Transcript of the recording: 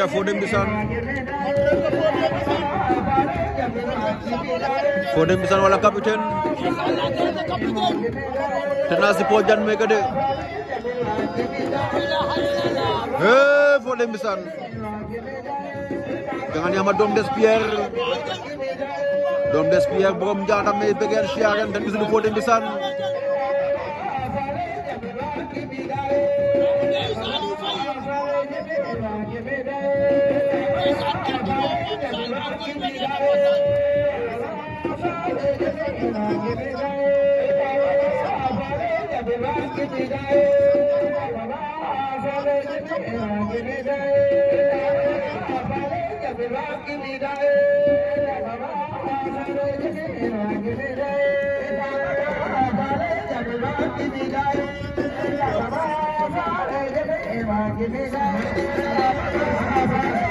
ca Fodé Mbissane Fodé Mbissane wala capitaine Tena Sipor Diagne meke de eh Fodé Mbissane jangan yama doom des Pierre doom des Pierre borom Ndiakhate may begeer siyaaren Give you that.